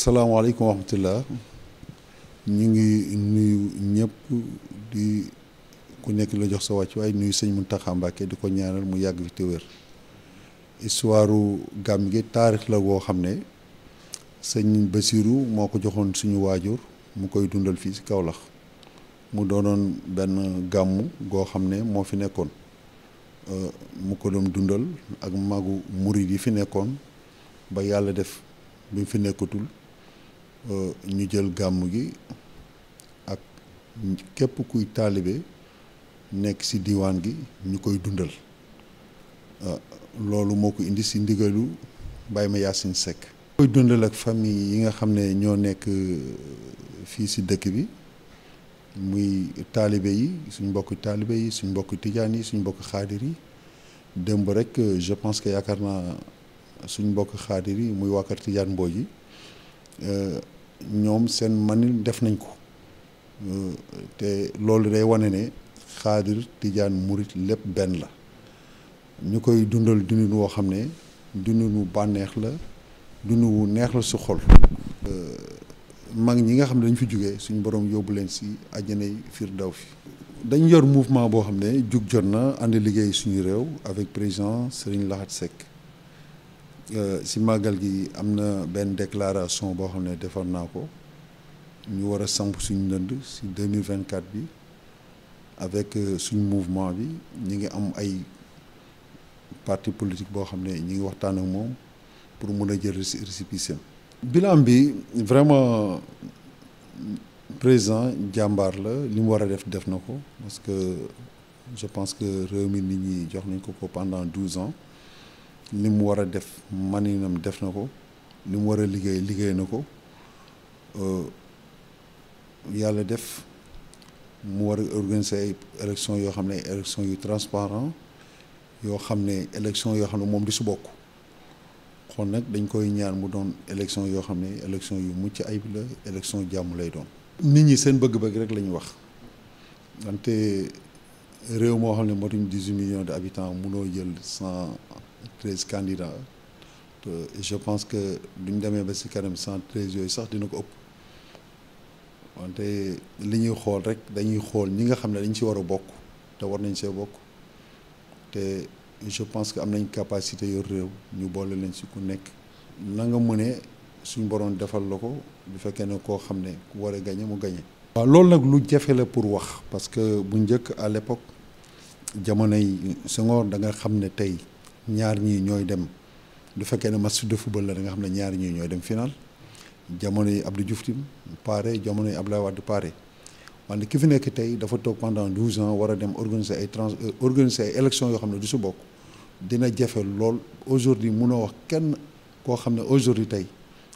salaamaaleykum wa rahmatullah ñu ngi nuyu ñëpp di ku nekk la jox sa wàcc waaye nuyu sëñ Mountakha Mbacké di ko ñaanal mu yàgg fi te wér histoire gàmm gi taarix la boo xam ne sëñ Basiru moo ko joxoon suñu waajur mu koy dundal fii ci Kaolack mu doonoon benn gàmmu goo xam ne moo fi nekkoon mu ko doom dundal ak magu muri yi fi nekkoon ba yàlla def bi mu fi nekkatul Euh, ñu jël gàmm gi ak képp kuy taalibe nekk ci diiwaan gi ñu koy dundal euh, loolu moo ko indi si ndigalu Baye ma Yacine Seck koy dundal ak famille yi nga xam ne ñoo nekk euh, fii si dëkk bi muy taalibe yi suñ mbokk taalibe yi suñ mbokk tijaan yi suñ mbokk xaadir yi démb rek je pense que yaakaar naa suñ mbokk xaadir yi muy waa kër tijaan yi ñoom seen manil def nañ ko euh, te loolu day wane ne xaadir tijaan murit lépp benn la ñu koy dundal dundin woo xam ne dundin wu bànneex la dundin wu neex la su xol euh, mag ñi nga xam ne dañ fi jógee suñ borom yóbbu leen si àjjanay fi dañ yor mouvement boo xam ne jug jot na ànd liggéey suñu réew avec président Serigne Lahat Seck Euh, si màggal gi am na benn déclaration boo xam ne defar naa ko ñu war a samp suñ ndënd si 2024 bi avec euh, suñu mouvement bi ñu ngi am ay parti politique boo xam ne ñu ngi waxtaan ak moom pour mun a jël récépissé bilan bi vraiment président jàmbaar la li mu war a def def na ko parce que je pense que réew mi ni ñi jox nañ ko ko pendant douze ans li mu war a def man maninam def na ko li mu war a liggéey liggéey na ko euh, yàlla def mu war a organiser ay élection yoo xam ne ay yu transparent yoo xam ne élection yoo xam ne moom di su bokk kon nag dañ koy ñaar mu doon élection yoo xam ne élection yu mucc ayib la élection jàmm lay doon nit ñi seen bëgg-bëgg rek la wax wante réew moo xam ne matuñ dix-huit millions d'habitants munoo jël sans treize candidats et je pense que duñ demee ba si kanam cent treize yooyu sax dina ko ëpp wante li ñuy xool rek dañuy xool ñi nga xam ne dañ si war a bokk te war nañ see bokk te je pense que am nañ capacité yor réew ñu boole leen si ku nekk na nga mënee suñ boroon defal la ko bu fekkee ne koo xam ne ku war a gañe mu gañe waaw loolu nag lu jafe la pour wax parce que bu njëkk à l'époque jamonoy Senghor da nga xam ne tey ñaar ñii ñooy dem du fekkee ne match de football la da nga xam ne ñaar ñii ñooy dem final jamono yi Abdou Diouf tim pare jamono yi Abdoulaye Wade pare wante ki fi nekk tey dafa toog pendant douze ans war a dem organiser ay trans euh, organiser ay élections yoo xam ne du su bokk dina jafe lool aujourd'hui munoo wax kenn koo xam ne aujourd'hui tey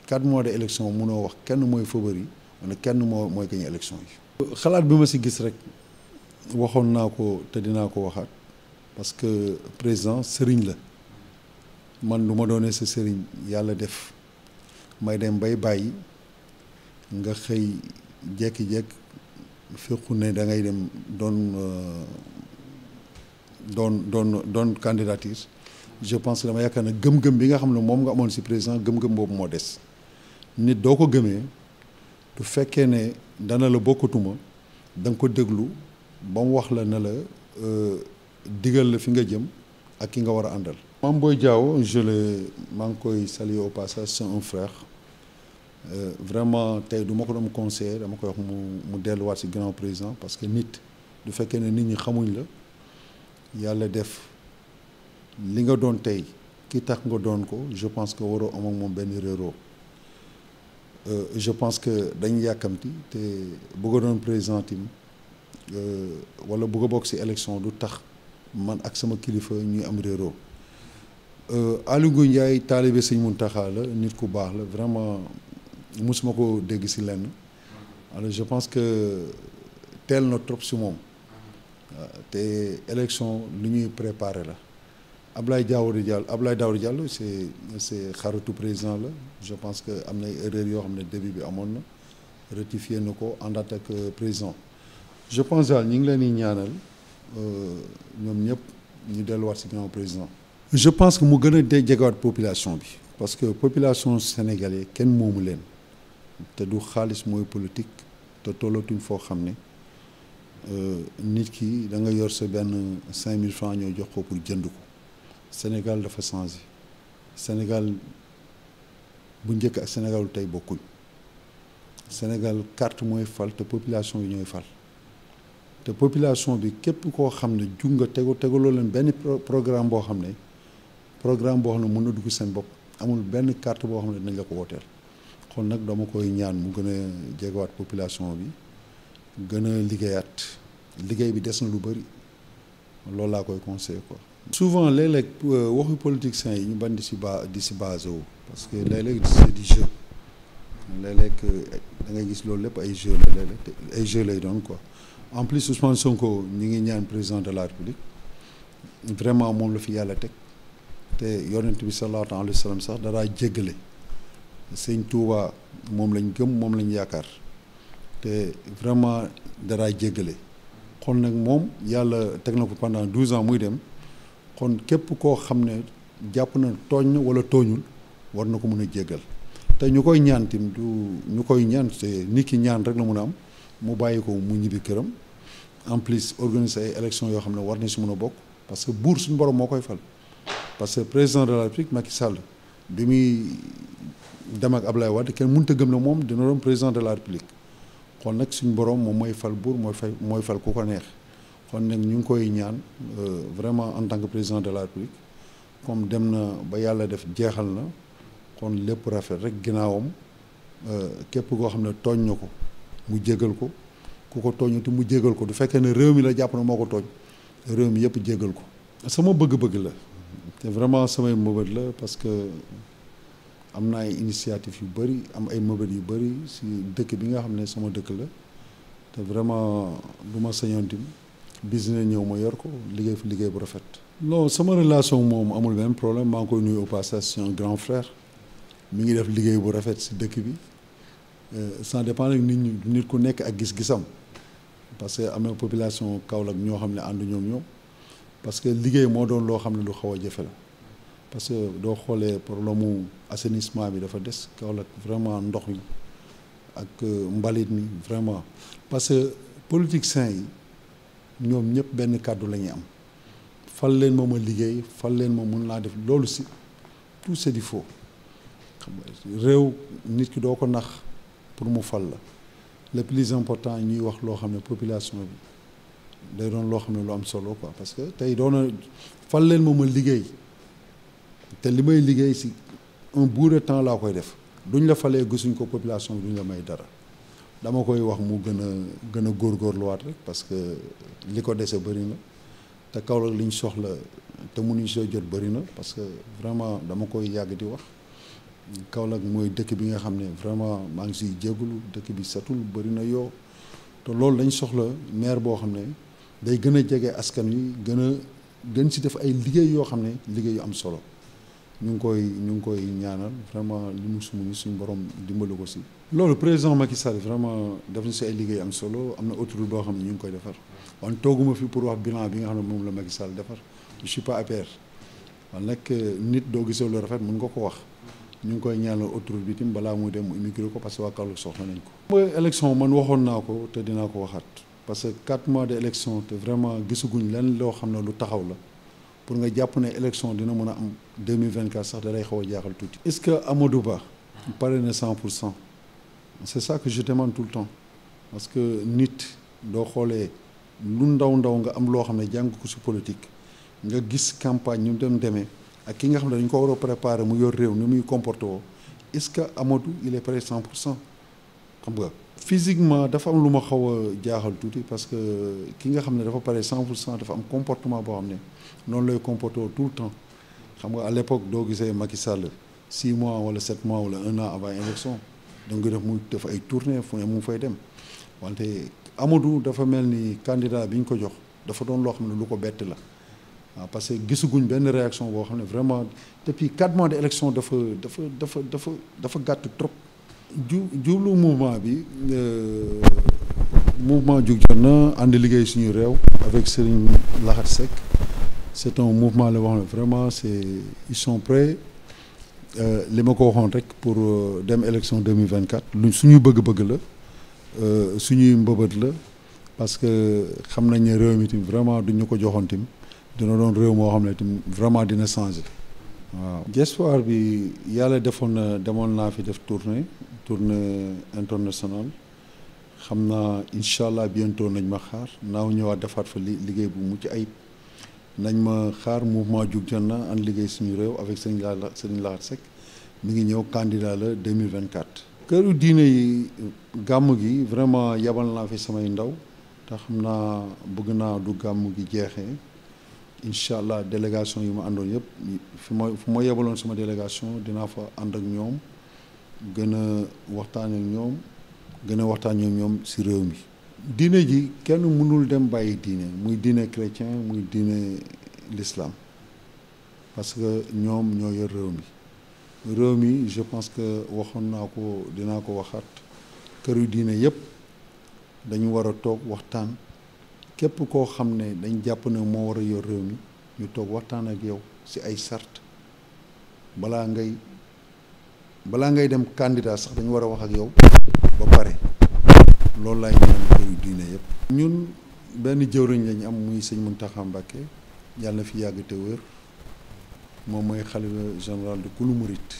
quatre mois de élection munoo wax kenn mooy favori wala kenn moo mooy gañ élection yi. xalaat bi ma si gis rek waxoon naa ko te dinaa ko waxaat. parce que président sëriñ la man lu ma doonee sa sëriñ yàlla def may dem bay bàyyi nga xëy jekki-jekki fekku ne da ngay dem doon euh, doon doon doon candidature je pense que dama yaakaar ne gëm-gëm bi nga xam ne moom nga amoon si président gëm-gëm boobu moo des nit doo ko gëmee du fekkee ne dana la bokkatuma da nga ko déglu ba wax la ne la euh, digal la fi nga jëm ak ki nga war a àndal. Mame booy Diao je le maa ngi koy saluer au passage c'est un frère euh, vraiment tey du ma ko doon conseiller dama koy wax mu mu delluwaat ci grand président parce que nit du fekkee ne nit ñi xamuñ la yàlla def li nga doon tey ki tax nga doon ko je pense que waroo am ak moom benn réeroo euh, je pense que dañ yàkkamti te bëgg doon président tim euh, wala bëgg bokk ci élection du tax. man ak sama kilifa ñuy am réeroo euh, Aliou Ngouille Ndiaye taalibe sëñ Mountakha la nit ku baax la vraiment musuma ko dégg si lenn alors je pense que teel na trop si moom euh, te élection lu ñuy préparé la Ablaye Daouda Diallo Ablaye Daouda Diallo c'est c'est xaritu président la je pense que am na ay yoo xam ne début bi amoon na rectifier na ko en tant que président je pense daal ñu ngi leen di ñaanal. ñoom ñëpp ñu delluwaat si ginnaaw président. je pense que mu gën a dee jegewaat population bi. parce que population sénégalais kenn moomu leen te du xaalis mooy politique te tollatuñ foo xam ne euh, nit ki da nga yor sa benn cinq mille francs ñoo jox ko pour jënd ko Sénégal dafa changé Sénégal bu njëkk ak Sénégal tey bokkuñ Sénégal carte mooy fal te population yi ñooy fal. te population bi képp koo xam ne jug nga tegu tegaloo leen benn programme boo xam ne programme boo xam ne mën na dugg seen bopp amul benn carte boo xam ne dinañ la ko wooteel kon nag dama koy ñaan mu gën a jegewaat population bi gën a liggéeyaat liggéey bi des na lu bëri loolu laa koy conseillé ko souvent léeg-léeg euh, waxu politiciens yi ñu ban di si ba di si wu parce que léeg-léeg c'est du jeu euh, da ngay gis loolu lépp ay jeu la léeg-léeg ay jeu lay doon quoi. en plus Ousmane Sonko ñi ngi ñaan président de la République vraiment moom la fi yàlla teg te yonent bi sallallahu alayhi wa sallam sax daraa jéggale sëñ Touba moom lañ gëm moom lañ yaakaar te vraiment daraa jéggale kon nag moom yàlla teg na ko pendant douze ans muy dem kon képp koo xam ne jàpp na tooñ na wala tooñul war na ko mun a jéggal te ñu koy ñaan tim du ñu koy ñaan te nit ki ñaan rek la mun a am mu bàyyi ko mu ñibbi këram en plus organiser ay élection yoo xam ne war na si mën a bokk parce que buur suñu borom moo koy fal parce que président de la République Macky Sall bi muy dem ak Ablaye Wade kenn mënut a gëm ne moom dina doon président de la République kon nag suñu borom moom mooy fal buur mooy fay mooy fal ku ko neex kon nag ñu ngi koy ñaan euh, vraiment en tant que président de la République comme dem na ba yàlla def jeexal na kon lépp rafet rek ginnaawam euh, képp koo xam ne tooñ na ko mu jégal ko. ku ko tooñu te mu jégal ko du fekkee ne réew mi la jàpp na moo ko tooñ réew mi yëpp jégal ko sama bëgg-bëgg la te vraiment samay mëbët la parce que am na ay initiative yu bëri am ay mëbët yu bëri si dëkk bi nga xam ne sama dëkk la te vraiment du ma sañoon tamit business ñëw ma yor ko liggéey fi liggéey bu rafet non sama relation moom amul benn problème maa ngi koy nuyu au passage c'est un grand frère mi ngi def liggéey bu rafet si dëkk bi euh, ça dépend nag nit ñu nit ku nekk ak gis-gisam parce que am na population Kaolack ñoo xam ne àndu ñoom ñoom parce que liggéey moo doon loo xam ne lu xaw a jafe la parce que doo xoolee pour la mu assainissement bi dafa des Kaolack vraiment ndox mi ak euh, mbalit mi vraiment parce que politiciens yi ñoom ñëpp benn kàddu la ñuy am fal leen ma ma liggéey fal leen ma mun naa def loolu si tout c'est di faux xam nga réew nit ki doo ko nax pour mu fal la le plus important ñuy wax loo xam ne population bi day doon loo xam ne lu am solo quoi parce que tey doon fal leen moom a liggéey te li may liggéey si un bout de temps laa koy def duñ la falee gisuñ ko population bi duñ la may dara dama koy wax mu gën a gën a góorgóorluwaat rek parce que li ko dese bëri na te Kaolack liñ soxla te mënuñ soo jot bëri na parce que vraiment dama koy yàgg di wax. Kaolack mooy dëkk bi nga xam ne vraiment maa ngi siy jégalu dëkk bi setul bëri na yoo te loolu dañ soxla maire boo xam ne day gën a jege askan wi gën a gën si def ay liggéey yoo xam ne liggéey yu am solo ñu ngi koy ñu ngi koy ñaanal vraiment li mu sumu ni suñu borom dimbalu ko si. loolu président Macky Sall vraiment def na si ay liggéey am solo am na autoroute boo xam ne ñu ngi koy defar wan tooguma fi pour wax bilan bi nga xam ne moom la Macky Sall defar je suis nag nit doo gisee lu rafet mën nga ko wax. ñu ngi koy ñaan autoroute bi tam balaa muy dem mu immigré ko parce que waa Kaolack soxla nañ ko. mooy élection man waxoon naa ko te dinaa ko waxaat parce que quatre mois de élection te vraiment gisaguñ lan loo xam ne lu taxaw la pour nga jàpp ne élection dina mën a am deux mille vingt quatre sax da lay xaw a jaaxal tuuti. est ce que Amadou Ba. pare na cent pour cent. c' est ça que je demande tout temps parce que nit doo xoolee lu ndaw ndaw nga am loo xam ne jàng ko si politique nga gis campagne ñu dem demee. ak ki nga xam ne dañ ko war a préparer mu yor réew ni muy comporté woo est-ce que Amadou il est prêt 100 pour cent xam nga. physiquement dafa am lu ma xaw a jaaxal tuuti parce que ki nga xam ne dafa pare 100 pour cent dafa am comportement boo xam ne noonu lay comporté tout le temps xam nga à doo gisee Macky Sall 6 mois wala 7 mois wala 1 an avant élection da nga def muy def ay tournée fu ne mu fay dem wante Amadou dafa mel ni candidat bi ñu ko jox dafa doon loo xam ne lu ko bett la. waaw parce que gisaguñ benn réaction boo xam ne vraiment depuis quatre mois de élection dafa dafa dafa dafa dafa gàtt trop ju jublu mouvement bi euh, mouvement jug jot na ànd liggéey suñu réew avec Serigne Lahat sec c'est un mouvement la wax ne vraiment c'est ils sont prêts euh, li ma ko waxoon rek pour euh, dem élection 2024 lu suñu bëgg-bëgg la suñuy mbëbët la parce que xam nañ ne réew mi tamit vraiment duñu ko joxoon dina doon réew moo xam ne itam vraiment dina changer waaw. Diaspora bi yàlla defoon na demoon naa fi def tournée tournée internationale xam naa incha allah bientôt nañ ma xaar naaw ñëwaat defaat fa li liggéey bu mucc ayib nañ ma xaar mouvement jug jot na ànd liggéey suñu réew avec sëñ la sëñ Lahad Seck mi ngi ñëw candidat la 2024. këru diine yi gàmm gi vraiment yabal naa fi samay ndaw te xam naa bëgg naa du gàmm gi jeexee. incha allah délégation yi ma àndoon yëpp fi ma fu ma yebaloon sama délégation dinaa fa ànd ak ñoom gën a waxtaan ak ñoom gën a waxtaan ak ñoom si réew mi. diine ji kenn mënul dem bàyyi diine muy diine chrétien muy diine l'islam parce que ñoom ñoo yor réew mi réew mi je pense que waxoon naa ko dinaa ko waxaat kër yu diine yëpp dañu war a toog waxtaan. képp koo xam ne dañ jàpp ne moo war a yor réew mi ñu toog waxtaan ak yow ci ay sart balaa ngay balaa ngay dem candidat sax dañu war a wax ak yow ba pare loolu laay ñaan këru diine yëpp. ñun benn jëwriñ lañu am sëñ Mountakha Mbacké yàlla fi yàgg wér moom mooy xalifa général de kulu murit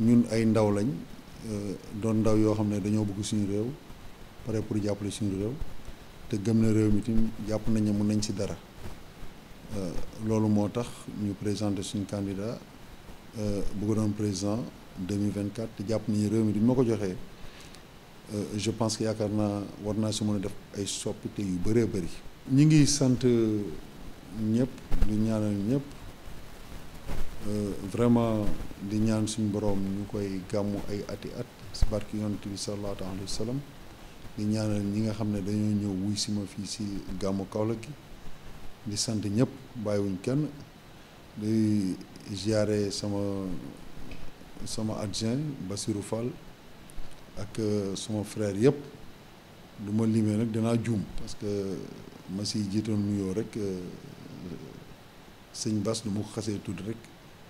ñun ay ndaw lañ doon ndaw yoo xam ne dañoo bugg suñu réew pare pour jàppale suñu réew. te gëm na réew mi tamit jàpp nañu mun nañ ci dara euh, loolu moo tax ñu présenté suñu candidat euh, bëgg doon président 2024 te jàpp nañu réew mi duñ ma ko joxee euh, je pense que yaakaar naa war naa si mën a def ay soppite yu bëree bëri. ñu ngi sant ñëpp di ñaanal ñëpp vraiment di ñaan suñu boroom ñu koy gàmmu ay ati at si barki yonent bi sallallahu alayhi wa sallam di ñi nga xam ne dañoo ñëw wuy si ma fii si gàmmu Kaolack gi di sant ñëpp bàyyiwuñ kenn di ziare sama sama adjoint Bassirou Fall ak euh, sama frère yëpp duma ma rek nag danaa juum parce que ma si jiitoon nuyoo rek euh, sëñ Bass du ko xasee tudd rek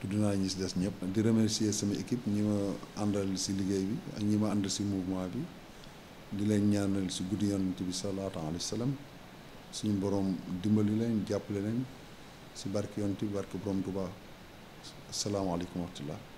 tudd naa ñi si des ñëpp. di remercier sama équipe ñi ma àndal si liggéey bi ak ñi ma àndal si mouvement bi. di leen ñaanal si guddi yonent bi salaatu alayhi salaam suñu borom dimbali leen jàppale leen si barke yonent bi barke borom Tuubaa asalaamaaleykum wa rahmatullah